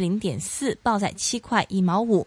零點四報在七塊一毛五。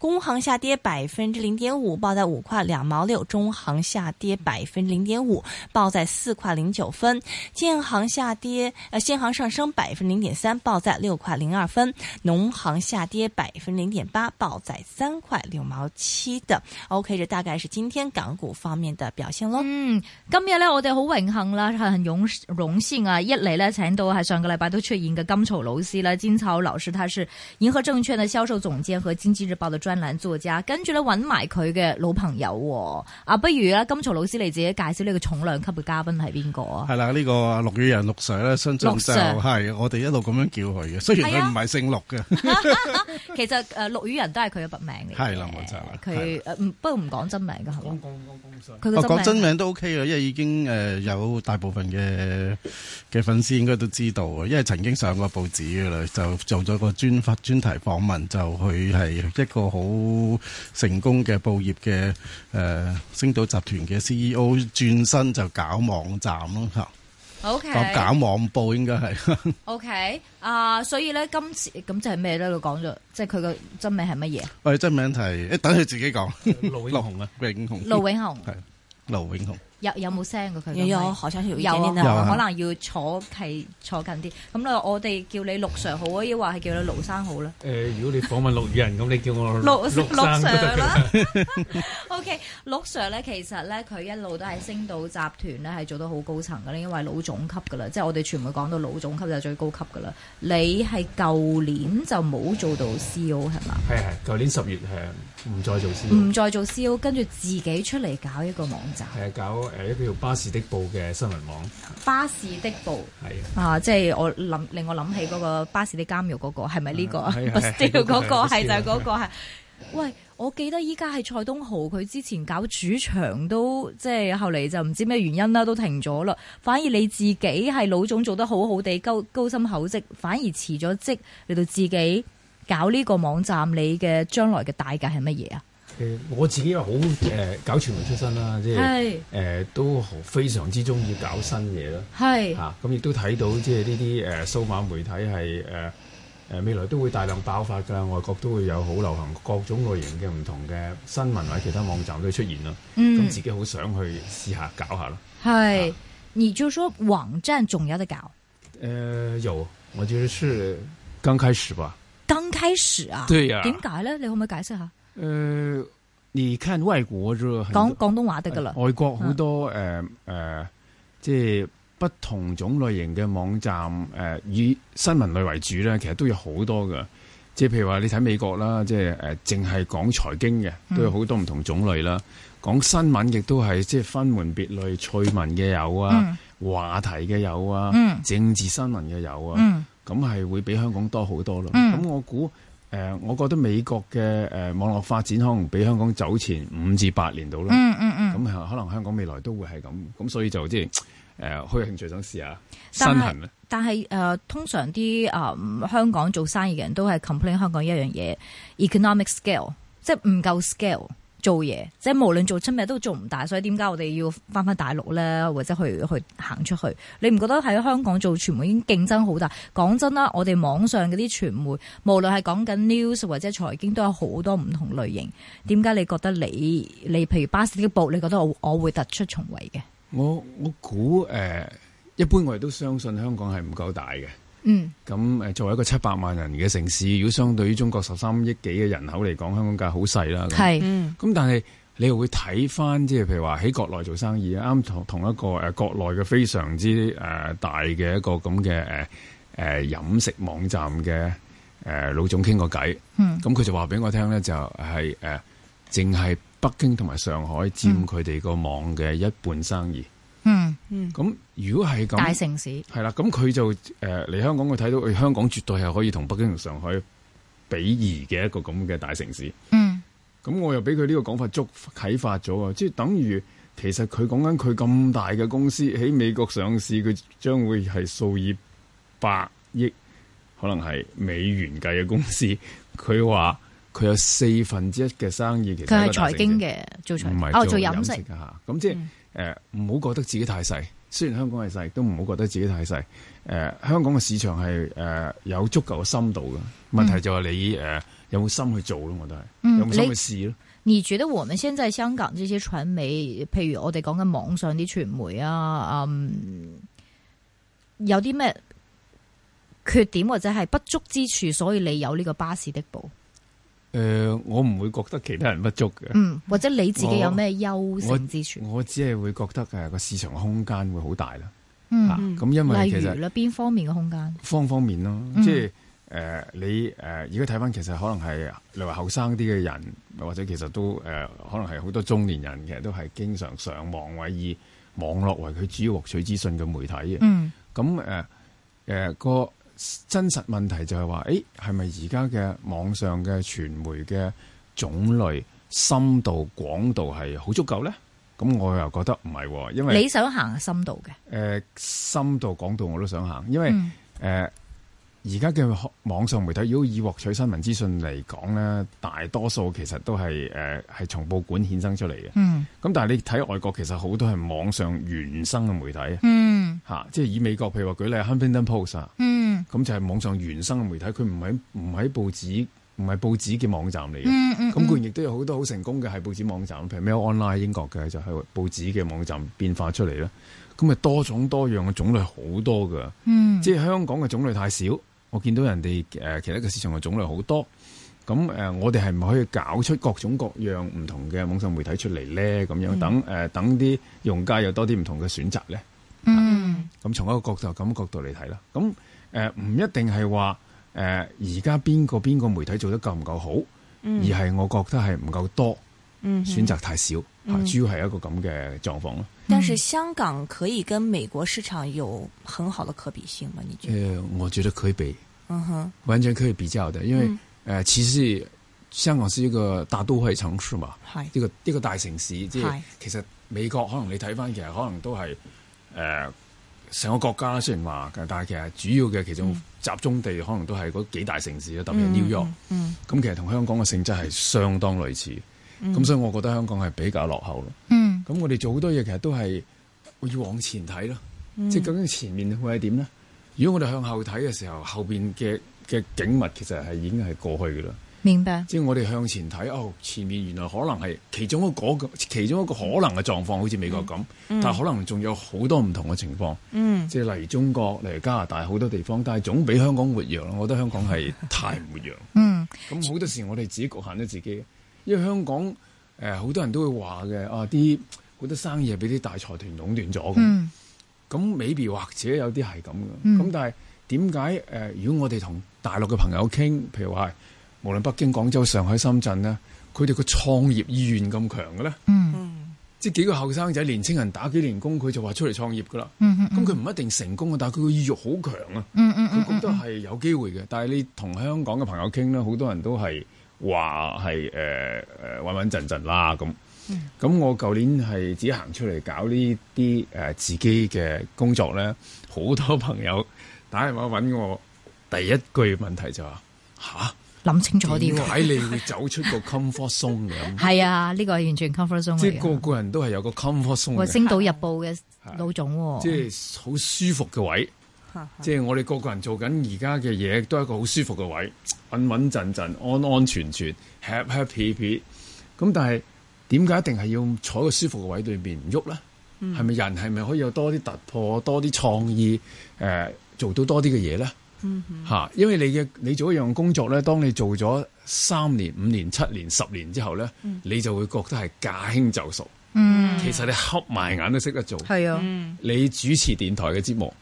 工行下跌百分之零點五，報在五塊兩毛六；中行下跌百分之零點五，報在四塊零九分；建行下跌，呃，建行上升百分之零點三，報在六塊零二分；農行下跌百分之零點八，報在三塊六毛七的。OK，這大概是今天港股方面的表現咯。嗯，今日咧，我哋好榮幸啦，很榮榮幸啊！一嚟咧，成都還上個禮拜都出現嘅金曹老師啦。金曹老師他是銀河證券的銷售總監和經濟日報的專。跟住咧揾埋佢嘅老朋友啊，不如咧金曹老師你自己介紹呢個重量級嘅嘉賓係邊個啊？係啦 Sir，呢個陸羽仁陸 Sir 咧，新係我哋一路咁樣叫佢嘅，雖然佢唔係姓陸嘅。的 其實誒陸羽仁都係佢嘅筆名嚟。係啦，我就佢唔不過唔講真名嘅好。我講真，真名都 OK 嘅，因為已經誒有大部分嘅嘅粉絲應該都知道嘅，因為曾經上過報紙㗎啦，就做咗個專發專題訪問，就佢係一個好。好成功嘅報業嘅，誒、呃，星島集團嘅 C E O 轉身就搞網站咯，吓，搞搞網報應該係。O、okay. K、uh, 就是欸、啊，所以咧今次咁即係咩咧？佢講咗，即係佢嘅真名係乜嘢？誒，真名係，等佢自己講。盧永雄啊，永雄？盧永雄係，盧永雄。有有冇聲嘅佢？有啊，海產魚精可能要坐係坐近啲。咁咧，我哋叫你陸 sir 好，抑或係叫你盧生好啦。誒、嗯呃，如果你訪問陸羽仁，咁你叫我陸陸 sir 啦。陸 sir, 啊、OK，陸 sir 咧，其實咧，佢一路都喺星島集團咧係做到好高層嘅咧，因為老總級嘅啦，即係我哋全部講到老總級就係最高級嘅啦。你係舊年就冇做到 CO 係嘛？係係，舊年十月係唔再做 CO，唔再做 CO，跟住自己出嚟搞一個網站，係啊搞。係一條巴士的報嘅新聞網，巴士的報係啊，即係我諗令我諗起嗰個巴士的監獄嗰個係咪呢個？巴士的監獄嗰個係就係嗰個係。喂，我記得依家係蔡東豪，佢之前搞主場，都即係後嚟就唔知咩原因啦，都停咗啦。反而你自己係老總做得好好哋，高高薪厚職，反而辭咗職嚟到自己搞呢個網站。你嘅將來嘅大計係乜嘢啊？呃、我自己又好誒搞傳媒出身啦，即係誒是、呃、都非常之中意搞新嘢啦係嚇，咁亦是、啊嗯、都睇到即係呢啲誒數碼媒體係誒、呃、未來都會大量爆發㗎，外國都會有好流行各種類型嘅唔同嘅新聞或者其他網站都出現啦嗯，咁、嗯、自己好想去試下搞下咯。係是，而、啊、就說網站仲有得搞，呃？有，我覺得是剛開始吧。剛開始啊？對啊呀。點解咧？你可唔可以解釋下？誒，而家、呃、外國啫，講廣東話得噶啦。外國好多誒誒、呃呃，即係不同種類型嘅網站，誒、呃、以新聞類為主咧，其實都有好多嘅。即係譬如話你睇美國啦，即係誒淨係講財經嘅，都有好多唔同種類啦。講、嗯、新聞亦都係即係分門別類，趣聞嘅有啊，嗯、話題嘅有啊，嗯、政治新聞嘅有啊，咁係、嗯、會比香港多好多咯。咁、嗯、我估。呃、我覺得美國嘅誒、呃、網絡發展可能比香港走前五至八年到啦、嗯。嗯嗯嗯。咁可能香港未來都會係咁，咁所以就即係誒，好、呃、有興趣想試下身痕。但係，但、呃、係通常啲、呃、香港做生意嘅人都係 complain 香港嘅一樣嘢，economic scale，即係唔夠 scale。做嘢，即係無論做親咩都做唔大，所以點解我哋要翻翻大陸咧，或者去去行出去？你唔覺得喺香港做傳媒已經競爭好大？講真啦，我哋網上嗰啲傳媒，無論係講緊 news 或者財經都有好多唔同類型。點解你覺得你你譬如巴士的報你覺得我我會突出重圍嘅？我我估，誒一般我哋都相信香港係唔夠大嘅。嗯，咁誒作為一個七百萬人嘅城市，如果相對於中國十三億幾嘅人口嚟講，香港梗係好細啦。係，咁、嗯、但係你又會睇翻，即係譬如話喺國內做生意啊，啱同同一個誒國內嘅非常之誒大嘅一個咁嘅誒誒飲食網站嘅誒、呃、老總傾過偈。嗯，咁佢就話俾我聽咧，就係、是、誒，淨、呃、係北京同埋上海佔佢哋個網嘅一半生意。嗯。嗯，咁、嗯、如果係咁大城市係啦，咁佢就誒嚟、呃、香港，佢睇到，誒、哎、香港絕對係可以同北京同上海比夷嘅一個咁嘅大城市。嗯，咁我又俾佢呢個講法，觸發咗啊！即係等於其實佢講緊佢咁大嘅公司喺美國上市，佢將會係數以百億可能係美元計嘅公司。佢話佢有四分之一嘅生意，其實佢係財經嘅做經做飲食啊，咁、哦、即係。嗯誒，唔好、呃、覺得自己太細，雖然香港係細，都唔好覺得自己太細。誒、呃，香港嘅市場係誒、呃、有足夠嘅深度嘅，問題就係你誒、呃、有冇心去做咯？我覺得係、嗯、有冇心去試咯？你覺得我們現在香港這些傳媒，譬如我哋講緊網上啲傳媒啊，嗯，有啲咩缺點或者係不足之處，所以你有呢個巴士的報？誒、呃，我唔會覺得其他人不足嘅。嗯，或者你自己有咩優勝之處？我只係會覺得誒，個市場空間會好大啦。嗯，咁、啊嗯、因為其實咧，邊方面嘅空間？方方面咯，嗯、即係誒、呃，你誒，而家睇翻，其實可能係例如後生啲嘅人，或者其實都誒、呃，可能係好多中年人，其實都係經常上網，或以網絡為佢主要獲取資訊嘅媒體嘅。嗯。咁誒，誒、呃呃、個。真實問題就係話，誒係咪而家嘅網上嘅傳媒嘅種類、深度、廣度係好足夠呢？咁我又覺得唔係，因為你想行深度嘅，誒、呃、深度廣度我都想行，因為誒。嗯呃而家嘅網上媒體，如果以獲取新聞資訊嚟講咧，大多數其實都係誒係從報館衍生出嚟嘅。咁、嗯、但係你睇外國，其實好多係網上原生嘅媒體。嗯啊、即係以美國譬如話舉例，《Huffington Post》咁、嗯、就係網上原生嘅媒體，佢唔係唔係報紙，唔係報紙嘅網站嚟嘅。咁固然亦都有好多好成功嘅係報紙網站，譬如《Mail Online》英國嘅就係、是、報紙嘅網站變化出嚟啦。咁啊多種多樣嘅種類好多嘅。嗯、即係香港嘅種類太少。我見到人哋其他嘅市場嘅種類好多，咁誒我哋係咪可以搞出各種各樣唔同嘅網上媒體出嚟咧？咁樣等、mm. 等啲用家有多啲唔同嘅選擇咧。嗯、mm. 啊，咁從一個角度咁角度嚟睇啦。咁誒唔一定係話誒而家邊個邊個媒體做得夠唔夠好，而係我覺得係唔夠多。嗯選擇太少，吓、嗯哼，主要係一個咁嘅狀況咯。但是香港可以跟美國市場有很好的可比性嗎？你覺得？誒、呃，我覺得可以比，嗯哼，完全可以比較的。因為誒，其實、嗯呃、香港是一個大都會城市嘛，係是一個一個大城市。即係是其實美國可能你睇返，其實可能都係誒成個國家雖然話嘅，但係其實主要嘅其中集中地可能都係嗰幾大城市啦，嗯、特別 New 係紐約。嗯,嗯,嗯，咁其實同香港嘅性質係相當類似。咁、嗯、所以我覺得香港係比較落後咯。咁、嗯、我哋做好多嘢，其實都係要往前睇咯。嗯、即係究竟前面會係點呢？如果我哋向後睇嘅時候，後邊嘅嘅景物其實係已經係過去噶啦。明白。即係我哋向前睇，哦，前面原來可能係其中一個嗰個，其中一個可能嘅狀況，好似美國咁，嗯嗯、但係可能仲有好多唔同嘅情況。嗯、即係例如中國，例如加拿大，好多地方，但係總比香港活躍咯。我覺得香港係太唔活躍。嗯，咁好多時我哋自己局限咗自己。因為香港誒好、呃、好多人都會話嘅啊，啲好多生意係俾啲大財團壟斷咗嘅。咁 maybe、嗯、或者有啲係咁嘅。咁、嗯、但係點解誒？如果我哋同大陸嘅朋友傾，譬如話係無論北京、廣州、上海、深圳咧，佢哋個創業意願咁強嘅咧。嗯，即係幾個後生仔、年青人打幾年工，佢就話出嚟創業㗎啦。咁佢唔一定成功㗎，但佢個意欲好強啊、嗯。嗯嗯，佢覺得係有機會嘅。但係你同香港嘅朋友傾咧，好多人都係。話係誒誒穩穩陣陣啦咁，咁、呃嗯、我舊年係自己行出嚟搞呢啲誒自己嘅工作咧，好多朋友打電話揾我，第一句問題就話吓諗清楚啲，點解你會走出個 comfort zone 咁。」係 啊，呢、個係完全 comfort zone。即係個個人都係有個 comfort zone。我星島日報嘅老總，即係好舒服嘅位。即係我哋個個人在做緊而家嘅嘢，都係一個好舒服嘅位，穩穩陣陣，安安全全 happ happy 咁。 但係點解一定係要坐一個舒服嘅位對面唔喐呢？係咪、嗯、人係咪可以有多啲突破，多啲創意？誒、呃，做到多啲嘅嘢呢？吓，嗯、哼 因為你嘅你做一樣工作咧，當你做咗三年、五年、七年、十年之後呢，嗯、你就會覺得係駕輕就熟。嗯、其實你合埋眼都識得做。係啊，你主持電台嘅節目。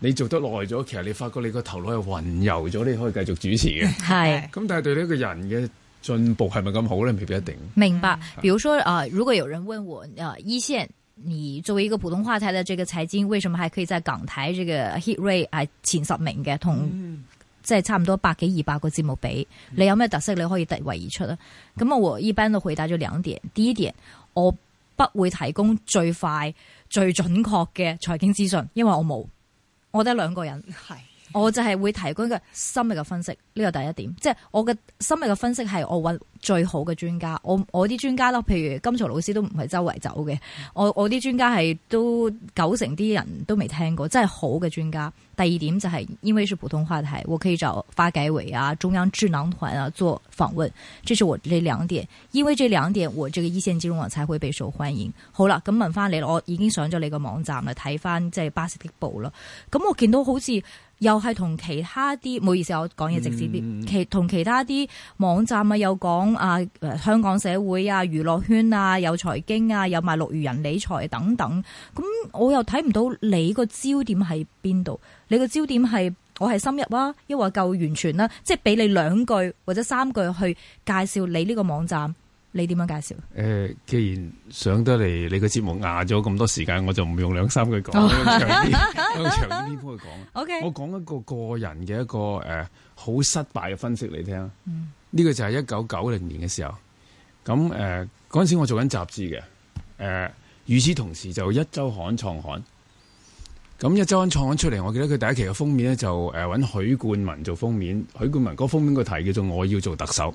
你做得耐咗，其實你發覺你個頭腦係魂遊咗，你可以繼續主持嘅。咁 是的 但係對呢個人嘅進步係咪咁好咧？未必一定。明白。比如說啊、呃，如果有人問我啊、呃，一線，你作為一個普通話台的這個財經為什麼還可以在港台這個 hit rate 係前十名嘅，同即係差唔多百幾二百個節目比，你有咩特色你可以突圍而出啊？咁我一般都回答咗兩點。第一點，我不會提供最快最準確嘅財經資訊，因為我冇。我覺得兩個人係我就係會提供一個深入嘅分析，呢、這個第一點，即、就、係、是、我嘅深入嘅分析係我搵最好嘅專家，我我啲專家咯，譬如金曹老師都唔係周圍走嘅，我我啲專家係都九成啲人都未聽過，真係好嘅專家。第二點就係因為說普通話題我可以找發改委啊、中央智囊團啊做訪問，這是我這兩點。因為這兩點，我這個一線金融網才會被受歡迎。好啦，咁問翻你，我已經上咗你個網站啦，睇翻即係《巴士的報》啦，咁我見到好似。又係同其他啲，唔好意思，我講嘢直接啲，其同、嗯、其他啲網站又啊，有講啊香港社會啊、娛樂圈啊、有財經啊、有埋陸羽仁理財等等，咁我又睇唔到你個焦點喺邊度？你個焦點係我係深入啊，抑或夠完全啦、啊？即係俾你兩句或者三句去介紹你呢個網站。你點樣介紹？誒、呃，既然上得嚟你個節目壓咗咁多時間，我就唔用兩三句講，oh. 長啲， 長篇去講。OK，我講一個個人嘅一個誒，好、呃、失敗嘅分析嚟聽。呢、mm. 個就係一九九零年嘅時候，咁、呃、誒，嗰陣時我做緊雜誌嘅，誒、呃，與此同時就一周刊創刊，咁一周刊創刊出嚟，我記得佢第一期嘅封面咧就誒揾許冠文做封面，許冠文嗰封面個題叫做我要做特首。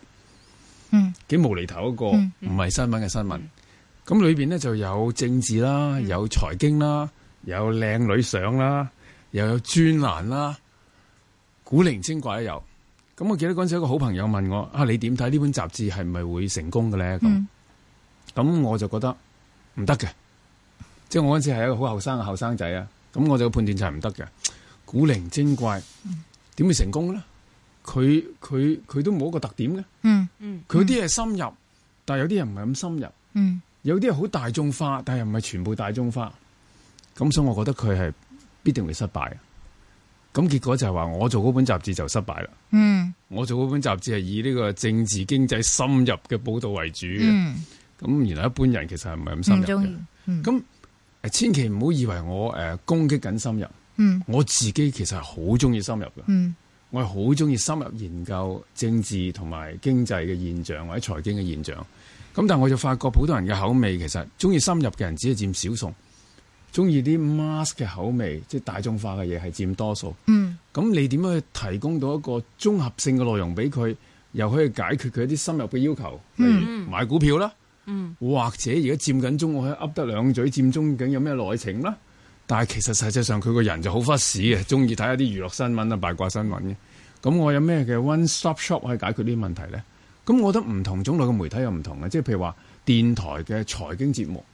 嗯，幾無厘頭一個，唔係新聞嘅新聞。咁、嗯嗯、裏邊咧就有政治啦，嗯、有財經啦，有靚女相啦，又有專欄啦，古靈精怪都有。咁我記得嗰陣時有一個好朋友問我：啊，你點睇呢本雜誌係咪會成功嘅咧？咁、嗯、我就覺得唔得嘅，即係我嗰陣時係一個好後生嘅後生仔啊。咁我就判斷就係唔得嘅，古靈精怪，點會成功咧？佢佢佢都冇一個特點嘅、嗯，嗯嗯，佢啲係深入，嗯、但係有啲人唔係咁深入，嗯，有啲人好大眾化，但係又唔係全部大眾化，咁所以，我覺得佢係必定會失敗。咁結果就係話，我做嗰本雜誌就失敗啦。嗯，我做嗰本雜誌係以呢個政治經濟深入嘅報導為主嘅，咁原來一般人其實係唔係咁深入嘅。咁、嗯嗯、千祈唔好以為我誒、呃、攻擊緊深入，嗯、我自己其實係好中意深入嘅，嗯。我係好中意深入研究政治同埋經濟嘅現象或者財經嘅現象，咁但係我就發覺普通人嘅口味其實中意深入嘅人只係佔少數，中意啲 mass 嘅口味即係、就是、大眾化嘅嘢係佔多數。嗯，咁你點樣去提供到一個綜合性嘅內容俾佢，又可以解決佢一啲深入嘅要求，例如買股票啦，嗯、或者而家佔緊中，我可以噏得兩嘴佔中，究竟有咩內情呢？但係其實實際上佢個人就好忽屎嘅，中意睇一啲娛樂新聞啊、八卦新聞嘅。咁我有咩嘅 one stop shop 可以解決呢啲問題咧？咁我覺得唔同種類嘅媒體又唔同嘅，即係譬如話電台嘅財經節目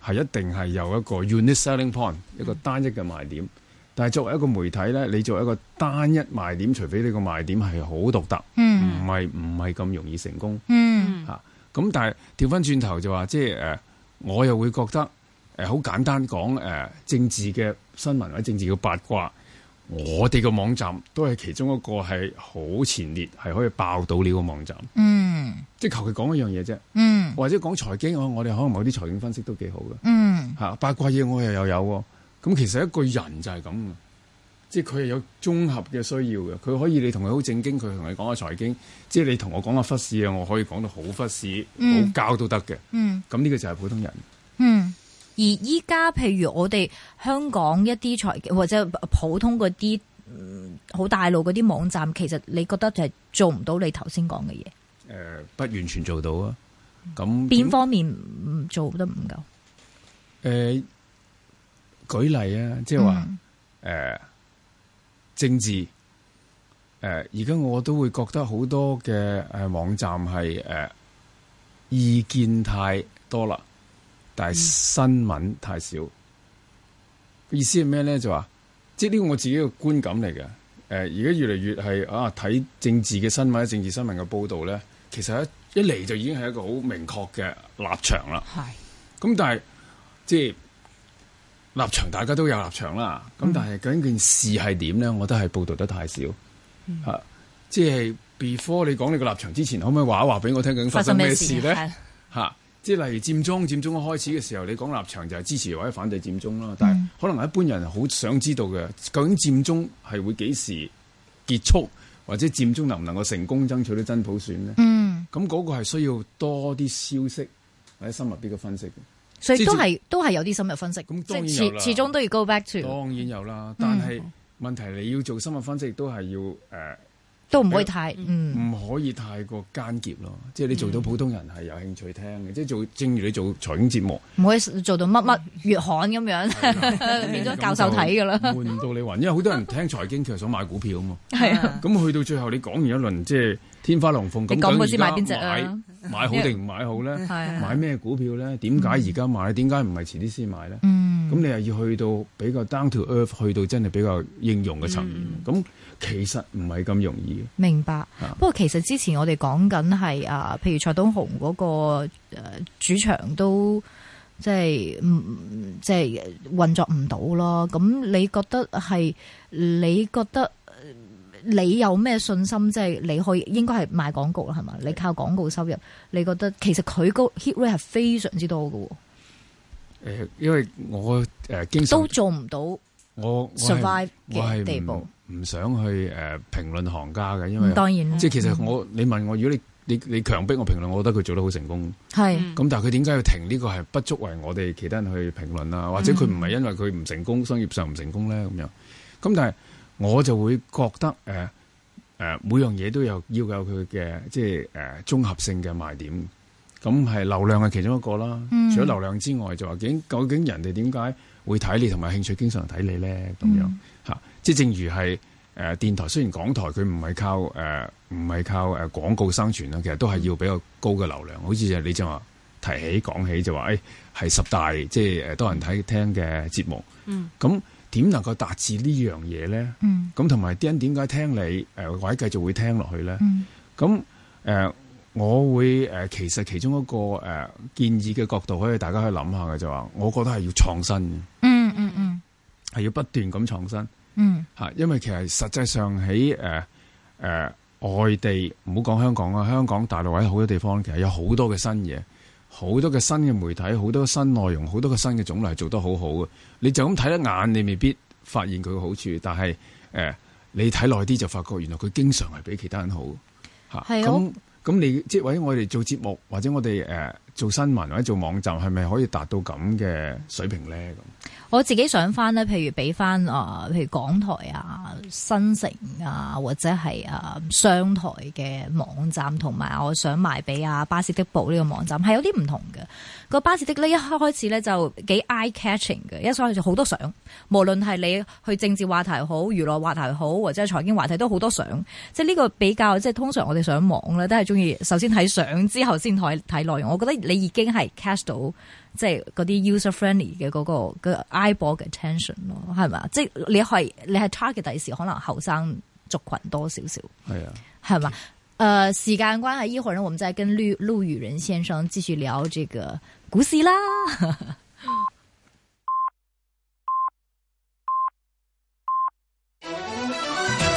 係一定係有一個 unit selling point 一個單一嘅賣點。嗯、但係作為一個媒體咧，你作為一個單一賣點，除非你個賣點係好獨特，唔係唔係咁容易成功嚇。咁、嗯嗯、但係調翻轉頭就話，即係誒，我又會覺得。誒，好，呃，簡單講，誒、呃，政治嘅新聞或者政治嘅八卦，我哋嘅網站都係其中一個係好前列，係可以爆到料嘅網站。嗯，即係求其講一樣嘢啫。嗯，或者講財經，我哋可能某啲財經分析都幾好嘅。嗯，吓八卦嘢我哋又有，咁其實一個人就係咁，即係佢係有綜合嘅需要嘅。佢可以你同佢好正經，佢同你講下財經，即係你同我講下忽視啊，我可以講到好忽視、好教都得嘅。嗯，咁呢、嗯、個就係普通人。嗯。而依家，譬如我哋香港一啲財或者普通嗰啲好大陸嗰啲網站，呃、其實你覺得就係做唔到你頭先講嘅嘢？誒、呃，不完全做到啊。咁邊方面做得唔夠？誒、呃，舉例啊，即係話誒政治誒，而、呃、家我都會覺得好多嘅誒網站係誒、呃、意見太多啦。但係新聞太少，嗯、意思係咩咧？就話即係呢個我自己嘅觀感嚟嘅。誒、呃，而家越嚟越係啊，睇政治嘅新聞、政治新聞嘅報道咧，其實一一嚟就已經係一個好明確嘅立場啦。係是。咁但係即係立場，大家都有立場啦。咁、嗯、但係究竟這件事係點咧？我都係報道得太少。吓、嗯啊，即係 before 你講你個立場之前，可唔可以話一話俾我聽究竟發生咩事咧？吓。即係例如佔中，佔中開始嘅時候，你講立場就係支持或者反對佔中啦。但係可能一般人好想知道嘅，究竟佔中係會幾時結束，或者佔中能唔能夠成功爭取到真普選呢？嗯，咁嗰個係需要多啲消息或者深入啲嘅分析。所以都係都係有啲深入分析。咁當然有啦，始始終都要 go back to。當然有啦，但係問題你要做深入分析，都係要、呃都唔可以太，唔可以太過艱深咯。即係你做到普通人係有興趣聽嘅，即係做，正如你做財經節目，唔可以做到乜乜月刊咁樣，變咗教授睇㗎啦。悶到你暈，因為好多人聽財經其實想買股票啊嘛。係啊，咁去到最後你講完一輪即係天花龍鳳咁，你講過先買邊隻啊？買好定唔買好咧？買咩股票咧？點解而家買？點解唔係遲啲先買咧？咁你又要去到比較 down to earth，去到真係比較應用嘅層面，咁、嗯、其實唔係咁容易明白。啊、不過其實之前我哋講緊係啊，譬如蔡東豪嗰個主場都即係即係運作唔到咯。咁你覺得係？你覺得你有咩信心？即係你可以應該係賣廣告啦，係嘛？你靠廣告收入，你覺得其實佢個 hit rate 係非常之多㗎喎。誒，因為我誒，經常都做唔到我 survive 嘅地步，唔想去誒評論行家嘅，因為當然啦，即係其實我你問我，如果你你你強迫我評論，我覺得佢做得好成功，係咁，但係佢點解要停呢個係不足為我哋其他人去評論啦，或者佢唔係因為佢唔成功，商業上唔成功咧，咁樣，咁但係我就會覺得誒誒，每樣嘢都有要有佢嘅，即係誒綜合性嘅賣點，咁係流量係其中一個啦。除咗流量之外，就話究竟人哋點解會睇你同埋興趣，經常睇你咧，咁樣嚇，即係、嗯、正如係誒電台，雖然港台佢唔係靠誒唔係靠誒廣告生存啦，其實都係要比較高嘅流量。好似就你正話提起講起就話，誒、欸、係十大即係誒多人睇聽嘅節目。嗯，咁點能夠達至呢樣嘢咧？嗯，咁同埋啲人點解聽你誒或者繼續會聽落去咧？嗯，咁誒。呃我會誒，其實其中一個誒、呃、建議嘅角度，可以大家可以諗下嘅就話、是，我覺得係要創新嘅、嗯，嗯嗯嗯，係要不斷咁創新，嗯吓，因為其實實際上喺誒誒外地，唔好講香港啦，香港、大陸喺好多地方，其實有好多嘅新嘢，好多嘅新嘅媒體，好多嘅新內容，好多嘅新嘅種類係做得好好嘅。你就咁睇一眼，你未必發現佢嘅好處，但係誒、呃、你睇耐啲就發覺，原來佢經常係比其他人好吓，係咁你即係為我哋做節目，或者我哋誒。呃做新聞或者做網站係咪可以達到咁嘅水平咧？咁我自己想翻咧，譬如俾翻啊，譬如港台啊、新城啊，或者係啊商台嘅網站，同埋我想賣俾啊巴士的報呢個網站，係有啲唔同嘅。個巴士的呢一開始咧就幾 eye catching 嘅，一上去就好多相，無論係你去政治話題好、娛樂話題好，或者係財經話題都好多相。即係呢個比較，即係通常我哋上網咧都係中意首先睇相之後先睇睇內容。我覺得。你已經係 cast 到即係嗰啲 user friendly 嘅嗰個嘅 eye ball 嘅 attention 咯，係嘛？即係、那個那個、你係你係 target 第時可能後生族群多少少，係啊，係嘛？誒，時間關係，一會呢，我們再跟陸陸羽仁先生繼續聊這個股市啦。